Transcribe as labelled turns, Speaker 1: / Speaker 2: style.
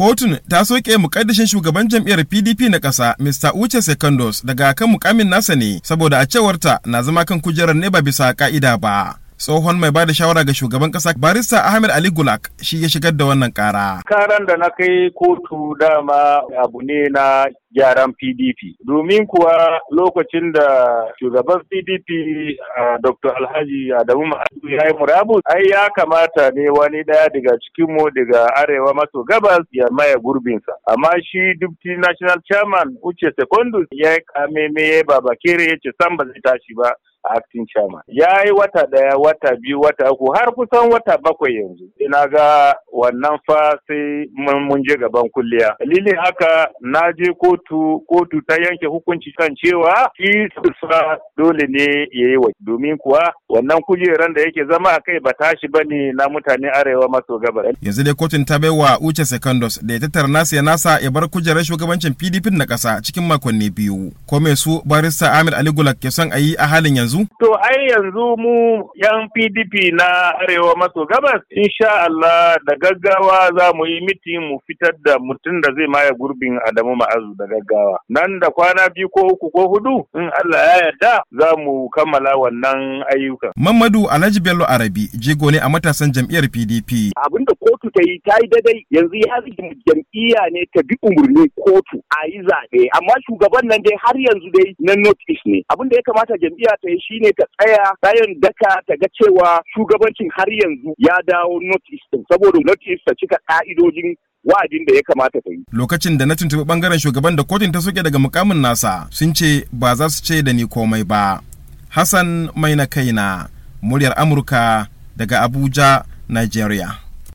Speaker 1: kotun ta soke mukaddashin shugaban jam'iyyar pdp na ƙasa mr uche secondos daga kan mukamin nasa ne saboda a cewarta na zama kan kujerar ne ba bisa ka'ida ba tsohon mai bada shawara ga shugaban ƙasa barista ahmed ali gulak shi ya shigar da wannan kara
Speaker 2: karan da na kai kotu dama abu ne na gyaran PDP. Domin kuwa lokacin da shugaban PDP Dr. Alhaji Adamu Ma'adu ya yi murabus, ai ya kamata ne wani daya daga cikinmu daga arewa maso gabas ya maye gurbinsa. Amma shi Deputy National Chairman Uche Secondus ya yi kameme ya babakere ya ce san ba zai tashi ba. acting chairman ya yi wata ɗaya, wata biyu wata uku har kusan wata bakwai yanzu ina ga wannan fa sai mun je gaban kulliya dalilin haka na je ko kotu kotu ta yanke hukunci kan cewa shi sulfa dole ne ya yi wa domin kuwa wannan kujeran da yake zama a kai ba tashi ba ne na mutane arewa maso gabar.
Speaker 1: Yanzu dai kotun ta bai wa Uche Secondos da ya tattara nasa ya nasa ya bar kujerar shugabancin PDP na kasa cikin makonni biyu. Ko me su barista Amir Ali Gulak ke son a yi a halin yanzu?
Speaker 2: To ai yanzu mu yan PDP na arewa maso gabas insha Allah da gaggawa za mu yi mitin mu fitar da mutum da zai maye gurbin Adamu Ma'azu daga gaggawa nan da kwana biyu ko uku ko hudu in Allah ya yarda za mu kammala wannan ayyukan
Speaker 1: Mamadu Alhaji Bello Arabi jigo ne a matasan jam'iyyar PDP abin da kotu
Speaker 3: ta yi ta yi daidai yanzu ya jam'iyya ne ta bi umurni kotu a yi zaɓe amma shugaban nan dai har yanzu dai na north east ne abin da ya kamata jam'iyya ta yi shine ta tsaya bayan daka ta ga cewa shugabancin har yanzu ya dawo north east saboda north east ta cika ka'idojin wa'adin da
Speaker 1: ya kamata ta yi. Lokacin da na tuntuɓi ɓangaren shugaban da kotun ta soke daga mukamin nasa sun ce ba za su ce da ni komai ba. Hassan Maina Kaina, muryar Amurka daga Abuja, Nigeria.